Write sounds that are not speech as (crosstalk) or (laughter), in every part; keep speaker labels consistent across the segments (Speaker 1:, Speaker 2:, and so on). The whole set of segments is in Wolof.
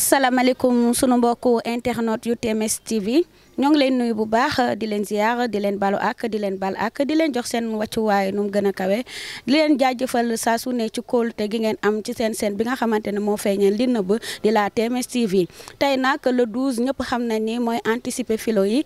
Speaker 1: asalaamaaleykum sunu mbokku internet yu TMS TV ñoo ngi leen nuyu bu baax di leen ziar di leen balu ak di leen bal ak di leen jox seen wàccuwaay nu mu gën a kawe di leen jaajëfal saa sune ne ci kóolute gi ngeen am ci seen seen bi nga xamante ne moo feeñeen li nëbb di la TMS TV tey nag le 12 ñëpp xam na ni mooy anticiper filo yi.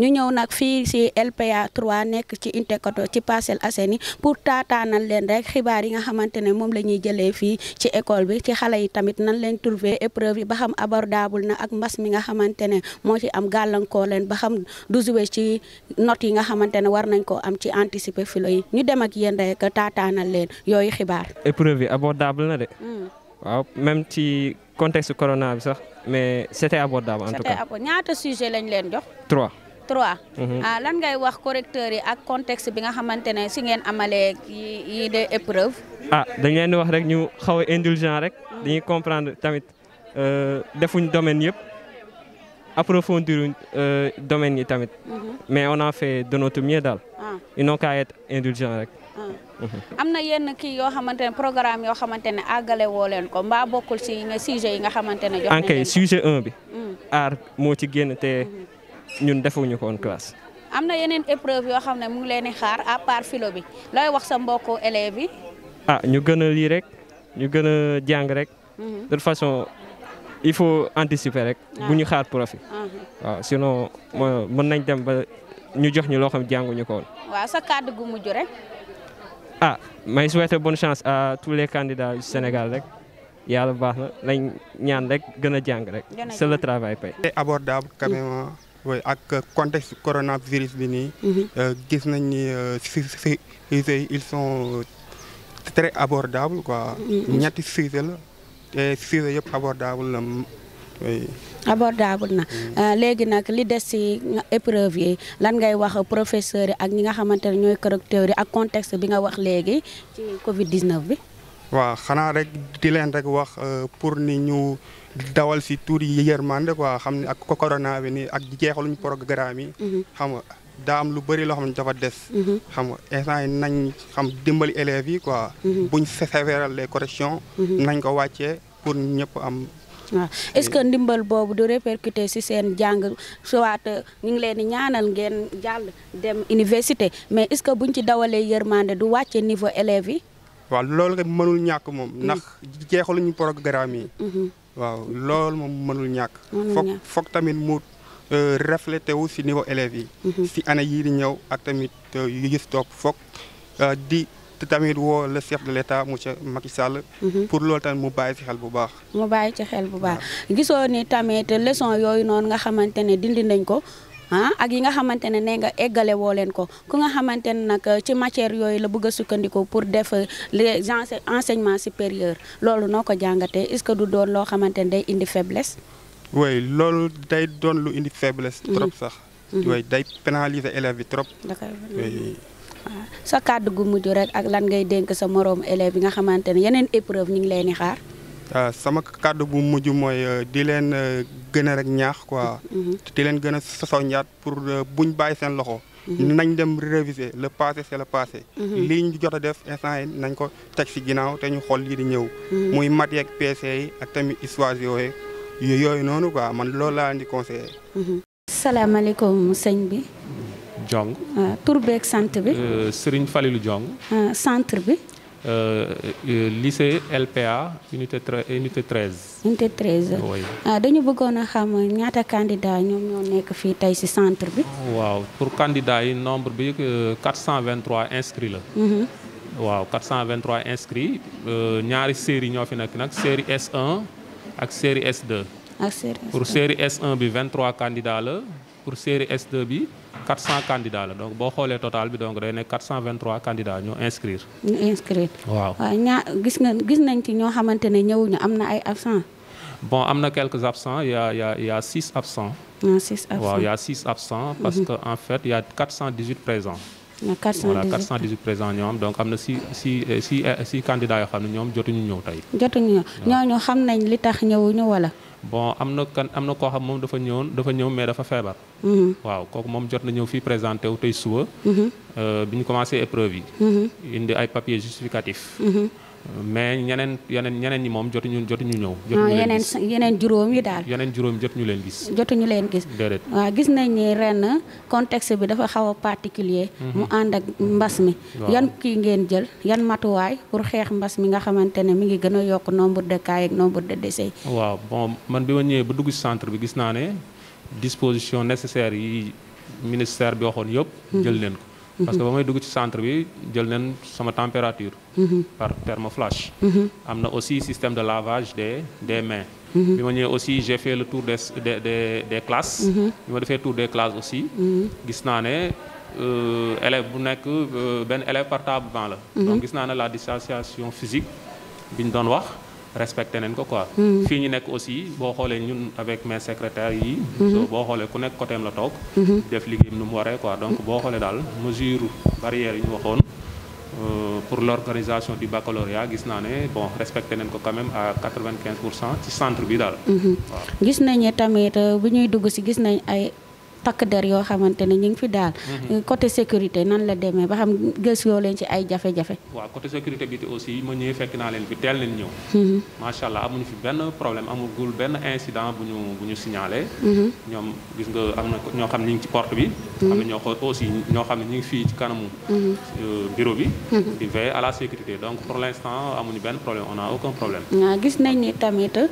Speaker 1: ñu ñëw nag fii si LPA 3 nekk ci Unité 14 ci Parcelles Assainies pour taataanal leen rek xibaar yi nga xamante ne moom la ñuy jëlee fii ci école bi ci xale yi tamit nan leen trouver épreuve yi ba xam abordable na ak mbas mi nga xamante ne moo ci am gàllankoor leen ba xam du jouer ci notes yi nga xamante ne war nañ koo am ci anticiper filo yi ñu dem ak yéen rek taataanal leen yooyu xibaar.
Speaker 2: épreuve yi abordable na de. Hmm. waaw même ci contexte corona sax mais c'était abordable en tout cas. c'était
Speaker 1: abordable ñaata sujet leen jox. trois. 3. Mhm. Ah, lan ngay wax correcteur yi ak contexte bi nga xamante ne si ngeen amalee yi de épreuve.
Speaker 2: ah dañ leen di wax rek ñu xaw a indulgent rek mhm. dañuy comprendre tamit euh, defuñ domaine yëpp approfondir euh, domaine yi tamit. Mhm. mais on a fait de notre mieux daal. Ah. ils n'ont qu'à rek. Ah.
Speaker 1: am na yenn kii yoo xamante ne programme yoo xamante ne àggale leen ko mbaa bokkul si sujet yi nga xamante ne. jox nañ leen bi. Mm.
Speaker 2: aar moo ci génn te. ñu defuñu ko woon classe.
Speaker 1: am na yeneen épreuve yoo xam ne mu ngi leen di xaar à part philo bi looy wax sa mbokku élèves yi.
Speaker 2: ah ñu gën a lii rek ñu gën a jàng rek. Mhm. de façon il faut anticiper rek. Ah. bu ñu xaar profit. Ah. waaw sinon mën nañ dem ba ñu jox ñu loo xam jànguñu ko woon.
Speaker 1: sa kàddu gu mujj rek.
Speaker 2: ah may wetee bonne chance à tous les candidats Sénégal rek yàlla baax na lañ ñaan rek gën a jàng rek. c'est le travail pay. oui ak
Speaker 3: contexte coronavirus bi nii. Mhm. Euh, gis nañ ni euh, si si ils sont euh, très abordables quoi. Mhm. ñetti sujet la te sujet yëpp abordable la. Mm,
Speaker 1: abordable na mhm. léegi nag li des ci épreuve yi lan ngay wax professeurs yi ak ñi nga xamante ne ñooy correcteurs yi ak contexte bi nga wax léegi ci Covid 19 bi.
Speaker 3: waaw xanaa rek di leen rek wax euh, pour ni ñu dawal si tuur yi yërmande quoi xam ne ak corona bi nii ak jeexal jeexaluñ programme yi. Mhm. xam nga daa am lu bëri loo xam ne dafa des. Mhm. xam nga instant yi nañ xam dimbali élèves yi quoi. Mhm. buñ sévéral les corrections. nañ ko wàccee pour ñëpp
Speaker 1: am. waaw est-ce que ndimbal boobu du répercuter si seen jàng soit ñu ngi leen di ñaanal ngeen jàll dem université mais est-ce que buñ ci dawalee yërmande du wàcce niveau élèves yi.
Speaker 3: waaw loolu nga mënul ñàkk moom mm. ndax jeexaluñu programme yi mm-hmm. waaw loolu moom mënul ñàkk foog foog tamit mu euh, reflété wu si niveau élève yi si mm-hmm. année yii di ñëw ak tamit euh, yu gis toog foog euh, di te tamit woo le chef de l'État monsieur Macky Sall. Mm-hmm. pour loolu tamit mu bàyyi ci xel bu baax.
Speaker 1: mu bàyyi ci xel bu baax gisoo ni tamit leçon yooyu noonu nga xamante ne dindi nañ ko. ah ak yi nga xamante ne nee nga eggale woo leen ko ku nga xamante ne nag uh, ci matière yooyu la bëgg a sukkandiku pour def uh, les enseignement supérieur loolu noo ko jàngatee est-ce que du doon loo xamante ne day indi faiblesse.
Speaker 3: oui loolu day doon lu indi faiblesse. Mhm. trop sax. Mhm. oui day pénaliser élèves bi trop.
Speaker 1: sa kàddu gu mujj rek ak lan ngay dénk sa moroom élèves yi nga xamante ne yeneen épreuve ñu ngi leen di xaar.
Speaker 3: waaw euh, sama kàddu bu mujj mooy euh, di leen euh, gën a rek ñaax quoi. Mm-hmm. di leen gën a soññaat pour buñ bàyyi seen loxo. Mm-hmm. nañ dem réviser le passé c'est le passé. Mm-hmm. lii ñu jot a def instant yi nañ ko teg si ginaaw te ñu xool lii di ñëw. muy mat yeeg PC yi ak tamit histoire yooyu yooyu noonu quoi man loolu laa di conseiller.
Speaker 1: salaamaaleykum sëñ bi. Jong. tur beeg sant bi.
Speaker 4: Serigne Falilou Jong.
Speaker 1: centre bi.
Speaker 4: Euh, euh, lycée LPA unité unité 13.
Speaker 1: unité 13. oui ah, dañu bëggoon a xam ñaata candidats ñoom ñoo nekk fii tey ci centre bi.
Speaker 4: waaw pour candidats yi nombre bi 423 euh, inscrits la. Mhm. waaw 423 inscrits ñaari série ñoo fi nekk nag série s ak série S2. ak série S1 pour série s bi 23 candidats la pour série s bi. 400 candidats la donc boo xoolee total bi donc day nekk 423 candidats ñu inscrire.
Speaker 1: ñu inscrire waaw. waaw gis nañ ci ñoo xamante ne ñëwuñu am na ay absents.
Speaker 4: bon am na quelques absents y' a y' a y' a 6 absents.
Speaker 1: y' a 6 absents waaw y' a
Speaker 4: 6 parce mhm. que en fait y' a 418 présents.
Speaker 1: y' a 418 voilà 418
Speaker 4: présents ñoo am donc am na si si 6 6 yoo xam ne ñoom jotuñu ñëw tey.
Speaker 1: jotuñu ñëw ñooñu xam nañ li tax ñëwuñu wala.
Speaker 4: bon am na kan am na koo xam moom dafa ñëwoon dafa ñëw mais dafa feebar. Mhm. waaw kooku moom jot na ñëw fii présenté wu tey suba. Mhm. Euh, bi ñu commencé épreuve yi. Mhm. indi ay papiers justificatifs. mais ñeneen yeneen ñeneen ñi moom jotuñu jotuñu ñëw. Ah, jotuñu leen gis
Speaker 1: yeneen yeneen juróom yi daal.
Speaker 4: yeneen juróom yi jotuñu leen gis.
Speaker 1: jotuñu leen gis. déedéet waaw gis nañ ni ren contexte bi dafa xaw a particulier. Mhm. mu ànd ak mbas mi. yan kii ngeen jël yan matuwaay pour xeex mbas mi nga xamante ne mi ngi gën a yokk nombre de cas ak nombre de décès.
Speaker 4: waaw bon man bi ma ñëwee ba dugg centre bi gis naa ne disposition nécessaire yi ministère bi waxoon yëpp. Mhm. jël leen ko. parce que mhm. ba may dugg ci centre bi jël neen sama température. Mhm. par thermoflash. Mhm. am na aussi système de lavage des des mains. bi ma ñëwee aussi j'ai fait le tour de des des classes. bi ma defee tour de classes aussi. gis naa ne euh, élève bu nekk euh, benn élève par table banc la. donc gis naa ne la distanciation physique bi doon wax. respecté nañ ko quoi. Hmm. fii ñu nekk aussi boo xoolee ñun avec mes secrétaires yi. Hmm. so boo xoolee ku nekk côté am la toog. Hmm. def liggéeyam nu mu waree quoi donc boo xoolee daal mesure barrière yi ñu waxoon. Euh, pour l'organisation du baccalauréat gis naa ne bon respecté ko quand même ci centre bi daal.
Speaker 1: gis nañ tamit euh, bu ñuy dugg si gis nañ ay. takk der yoo xamante ne ñu ngi fi daal. Mhm. Euh, côté sécurité nan la demee ba xam gëstoo leen ci ay jafe-jafe.
Speaker 4: waa côté sécurité bi aussi ma ñëwee fekk naa leen fi teel leen ñëw. Mhm. macha allah amuñu fi benn problème amagul benn incident bu ñu bu ñu signalé. Mhm. ñoom gis nga am na ñoo xam ne ci porte bi. am na ñoo xam aussi ñoo xam ne ñu ngi fii ci kanamu.
Speaker 1: Euh,
Speaker 4: bureau bi. di veiller à la sécurité donc pour l' instant amuñu benn problème on a aucun problème.
Speaker 1: waaw ah, gis nañ tamit euh,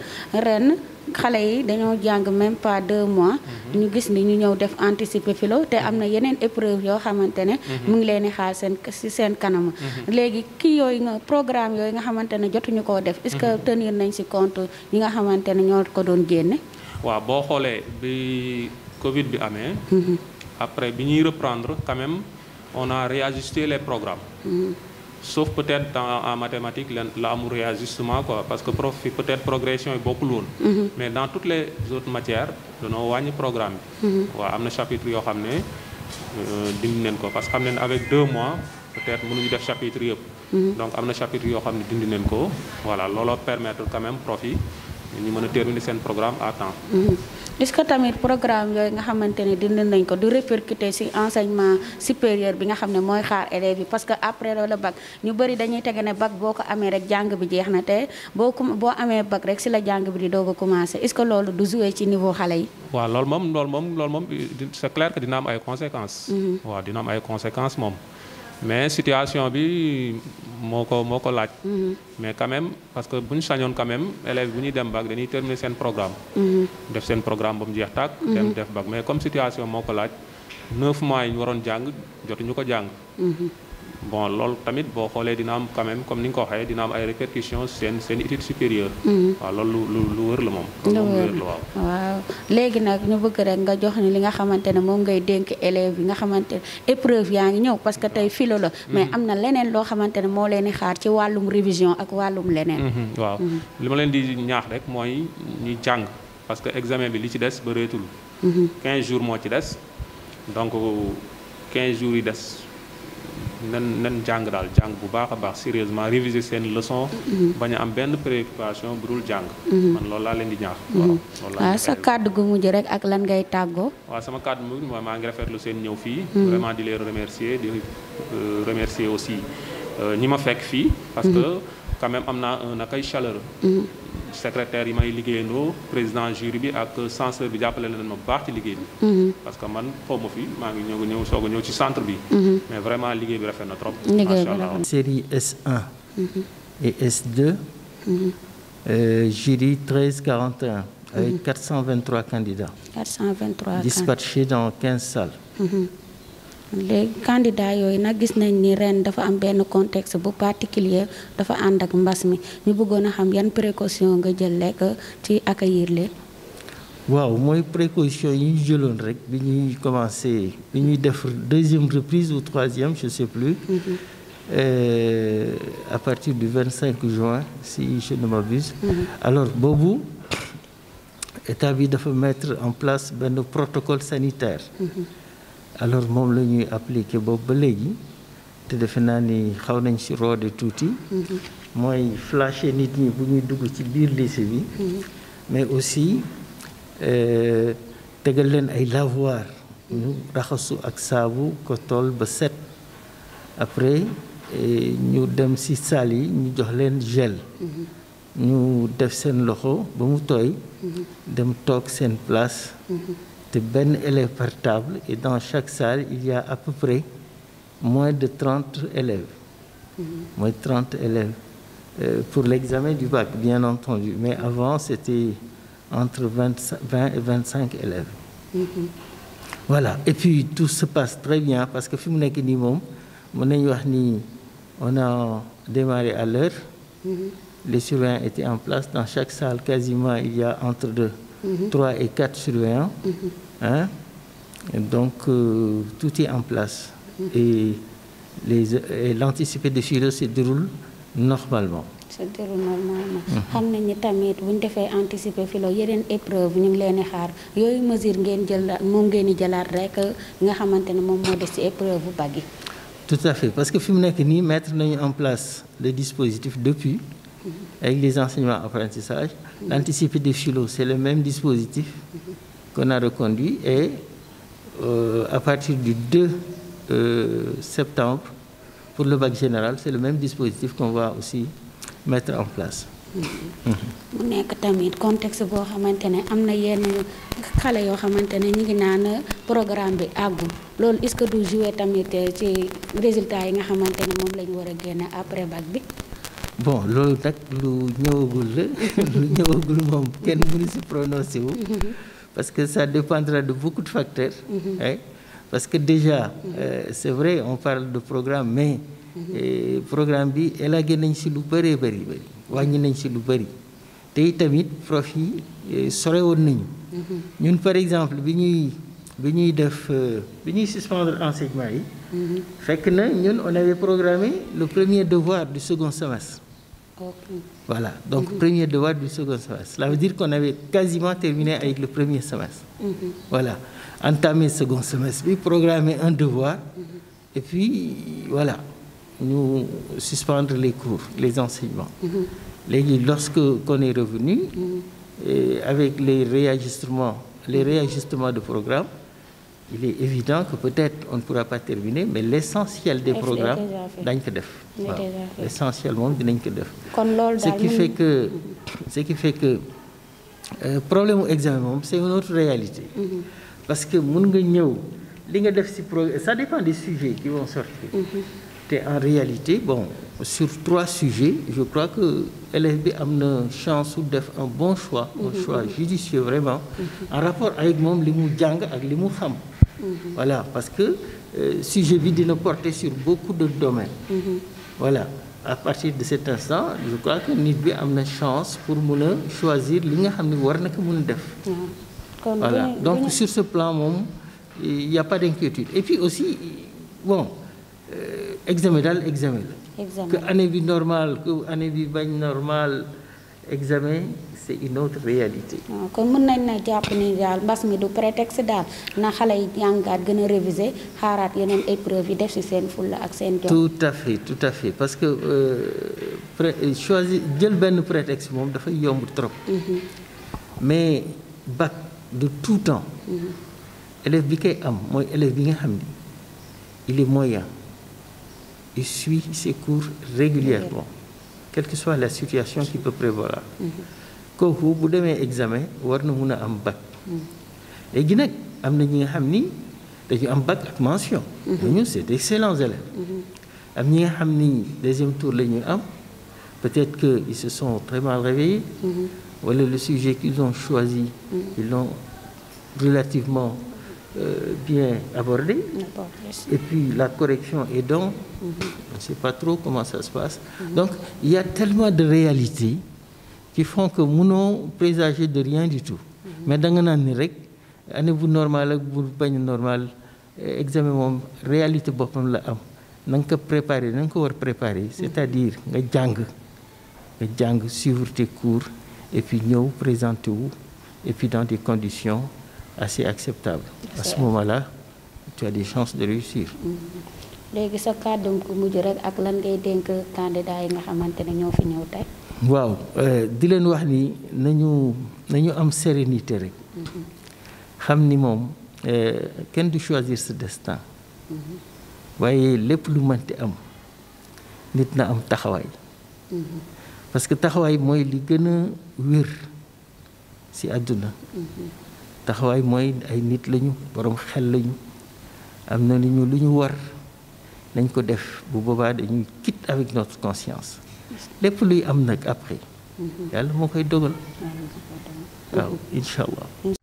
Speaker 1: ren. xale yi dañoo jàng même pas deux mois mhm. ñu gis ni ñu ñëw def anticiper filo te am na mhm. yeneen épreuve yoo xamante ne mhm. mu ngi leen di xaar seen si seen kanam léegi kii yooyu nga programme yooyu nga xamante ne jotuñu koo def est-ce que tenir nañ si compte ñi nga xamante ne ñoo ko doon génne
Speaker 4: waaw boo xoolee bi covid bi amee après bi ñuy reprendre quand même on a réajusté les programmes sauf peut-être en, en mathématiques la amul réajustement quoi parce que prof fi peut-être progression yi bokkul woon mm-hmm. mais dans toutes les autres matières danoo wàññi programme bi mm-hmm. waaw am na chapitre yoo xam ne euh, dindi neen ko parce que xam ne avec deux mois peut-être mënuñu def chapitre yëpp mm-hmm. donc am na chapitre yoo xam ne dindi neen ko voilà looloo permettre quand même prof ñu mën a terminer seen programme à temps.
Speaker 1: Mm-hmm. est que tamit programme yooyu nga xamante ne dindi nañ ko du répercuter ci enseignement supérieur bi nga xam ne mooy xaar élèves yi parce que après loolu bac ñu bëri dañuy tege ne bag boo ko amee rek jàng bi jeex na te boo ko boo amee bac rek ci la jàng bi di doog a commencer est-ce que loolu du jouer ci niveau xale yi.
Speaker 4: waaw loolu moom loolu moom loolu moom c'est clair que dina am ay conséquences. Mm-hmm. waaw dina am ay conséquences moom mais moo ko moo ko laaj. Mm-hmm. mais quand parce que bu ñu sañoon quand même élèves bu ñuy dem bac dañuy terminer seen programme. Mm-hmm. def seen programme ba mu jeex tàkk. Mm-hmm. dem def bac mais comme situation moo ko laaj neuf mois yi ñu waroon jàng jotuñu ko jàng. bon loolu tamit boo xoolee dina am quand comme ni nga ko waxee dina am ay répercussions seen seen étude supérieure. Mm-hmm. waaw loolu lu lu wër la moom. lu wër la
Speaker 1: waaw. léegi nag ñu bëgg rek nga jox ni li nga xamante ne moom ngay dénk élèves yi nga xamante ne épreuve yaa ngi ñëw parce que tey philo la. Mm-hmm. mais am na leneen loo xamante ne moo leen di xaar ci wàllum révision ak wàllum leneen. Mm-hmm. waaw
Speaker 4: li ma leen di ñaax rek mooy ñuy jàng parce que examen bi li ci des bëreetul. 15 jours moo ci des donc 15 jours yi des. nan nan jàng daal jàng bu baax a baax sérieusement réviser seen leçon. Mm-hmm. bañ a am benn préoccupation bu dul jàng. Mm-hmm. man loolu laa leen di ñaax. Mm-hmm. waaw ah, sa
Speaker 1: kàddu gu mujj rek ak lan ngay tàggoo.
Speaker 4: waaw sama kàdd gu mujj maa ngi rafetlu seen ñëw fii. vraiment di leen remercier di euh, remercier aussi euh, ñi ma fekk fii. parce que quand am na na accueil chaleureux. secrétaire yi may liggéeyandoo président jury bi ak censeur bi jàppale leen ma bu baax ci liggéey bi. Mhm. parce que man xaw ma fi maa ngi ñëw ñëw soog ñëw ci centre bi. Mhm. mais vraiment liggéey bi rafet na trop. macha allah
Speaker 5: série S1. Mhm. et S2. Euh, jury 1341 avec 423 candidats.
Speaker 1: 423 dispatchés
Speaker 5: dans 15 salles.
Speaker 1: léegi candidat yooyu nag gis nañ ni ren dafa am benn contexte bu particulier dafa ànd ak mbas mi ñu bëggoon a xam yan précaution nga jël lekk ci accueillir leen
Speaker 5: waaw mooy précaution yi ñu jëloon rek bi ñuy commencé bi ñuy def deuxième reprise ou troisième je sais plus mm -hmm. euh, à partir du 25 juin si ne m'abuse mm alors boobu état bi dafa mettre en place benn protocole sanitaire mm-hmm. alors moom la ñuy appliquer boobu ba léegi te defe naa ni xaw nañ si roode tuuti. Mm-hmm. mooy flasher nit ñi bu ñuy dugg ci biir lycée bi. Mm-hmm. mais aussi euh, tegal leen ay lavoir ñu raxasu ak saabu ko tool ba set après euh, ñu dem ci salle yi ñu jox leen gel mm-hmm. ñu def seen loxo ba mu tooy dem toog seen place te benn élève par table et dans chaque salle il y a à peu près moins de trente élèves mm-hmm. moins de trente élèves euh, pour l'examen du bac bien entendu mais avant c'était entre vingt et vingt-cinq élèves mm-hmm. voilà et puis tout se passe très bien parce que fi mu nekk nii moom mën nañu wax ni on a démarré à l'heure mm -hmm. les surveillants étaient en place dans chaque salle quasiment il y a entre deux trois et quatre surveillants. Hein? Et donc euh, tout est en place. Et les l'anticipé de Chiro se déroule normalement.
Speaker 1: se déroule normalement. xam nañu tamit bu ñu defee anticiper filo yeneen épreuve ñu ngi leen di xaar yooyu mesure ngeen jël moom ngeen di jëlaat rek nga xamante ne moom moo def ci épreuve bu bag yi.
Speaker 5: tout à fait parce que fi mu nekk nii mettre nañu en place le dispositif depuis. avec les enseignements apprentissage. L'anticipé des philo, c'est le même dispositif kon a reconduit et euh, à partir du 2 euh, septembre, pour le bac général, c'est le même dispositif qu'on va aussi mettre en place.
Speaker 1: mu nekk tamit contexte boo xamante ne am na yenn xale yoo xamante ne ñu ngi naan programme bi àggul loolu est-ce que du jouer tamit ci résultat yi nga xamante ne moom la ñu war a génne après bac bi.
Speaker 5: bon loolu nag lu ñëwagul la (laughs) lu ñëwagul moom kenn mënu si prononcé parce que ça dépendra de beaucoup de facteurs mm-hmm. parce que déjà euh, c'est vrai on parle de programme mais mm-hmm. euh, programme bi élagué nañ si lu bëree bëri bëri wàññi nañ si lu bëri te tamit profit euh, sorewoon woon nañu mm-hmm. ñun par exemple bi ñuy bi ñuy def euh, bi ñuy suspendre enseignement yi fekk na ñun on avait programmé le premier devoir du second semestre Voilà, donc mmh. premier devoir du second semestre. Cela veut dire qu'on avait quasiment terminé avec le premier semestre. Mm-hmm. Voilà, entamé le second semestre, puis programmer un devoir, mmh. et puis voilà, nous suspendre les cours, les enseignements. Mm-hmm. Léegi, lorsque qu'on est revenu, mm-hmm. avec les réajustements, les réajustements de programmes il est évident que peut-être on ne pourra pas terminer, mais l'essentiel des programmes dañ ko def. waaw essentiel moom dinañ ko def.
Speaker 4: kon loolu daal ce qui fait
Speaker 5: que ce euh, qui problème mu examen moom c' une autre réalité. Mhm. parce que mun nga ñëw li nga def ci programme ça dépend des sujets qui vont sortir. Mhm. te en réalité bon sur trois sujets je crois que élève bi am na chance su def un bon choix. un mhm. choix judicieux vraiment. en rapport avec moom li mu jàng ak li mu xam. voilà parce que euh, sujet bi dina porter sur beaucoup de domaines. voilà a partir de cet instant je crois que nit bi am na chance pour mun a choisir li nga xam ne war na ko mun a def.
Speaker 6: voilà donc sur
Speaker 5: ce plan moom il y a pas et puis aussi bon euh, examen daal examen la. que année bi normal que année bi bañ normal. examen c' est une autre réalité.
Speaker 1: waaw kon mën nañ na jàpp ni daal mbas mi du prétexte daal na xale yi jàngaat gën a réviser xaaraat yeneen épreuve yi def ci seen fulla ak seen jom.
Speaker 5: tout à fait tout à fait parce que euh, pré choisir jël benn prétexte moom dafay yomb trop. Mhm. mais bac de tout temps. Mhm. élève bi koy am mooy élève bi nga xam ni il est moyen il suit ses régulièrement. quelle que soit la situation qui peut prévoir
Speaker 6: mm-hmm.
Speaker 5: kooku bu demee examen war na mun a am bac
Speaker 6: mm-hmm.
Speaker 5: léegi nag am na ñi nga xam ni dañu am bac ak mention mm-hmm. ñooñu c'est d'excellents élèves am ñi nga xam ni deuxième tour la ñu am peut-être que ils se sont très mal réveillés wala le sujet qu'ils ont choisi ils l'ont relativement Euh, bien abordé. Et puis la correction est donc, mhm. on ne sait pas trop comment ça se passe. Donc il y a tellement de réalités qui font que munoo présager de rien du tout. Mhm. mais danga nga naan ni rek année bu normal ak bu bañ normal eh, examen moom réalité boppam la am na nga ko préparer na nga ko war préparer. Mhm. cest à diir nga jàng nga jàng suivre tes cours et puis ñëw présenter wu et puis dans des conditions. assez acceptable. à ce moment-là tu as des de réussir.
Speaker 1: Mm-hmm. léegi sa kàddu ko mujj rek ak lan ngay dénk candidat yi nga xamante ne ñoo fi ñëw tey.
Speaker 5: waaw euh, di leen wax ni nañu nañu am sérénité rek. Mm-hmm. xam ni moom euh, kenn du choisir sa destin.
Speaker 6: Mm-hmm.
Speaker 5: waaye lépp lu mënti am nit na am taxawaay. parce que taxawaay mooy li gën a wér ci àdduna. taxawaay mooy ay nit lañu borom xel lañu am na lu ñu lu ñu war nañ ko def bu boobaa dañuy quitte avec notre conscience lépp luy am nag après mm-hmm. yàlla moo koy dogal
Speaker 6: waaw incha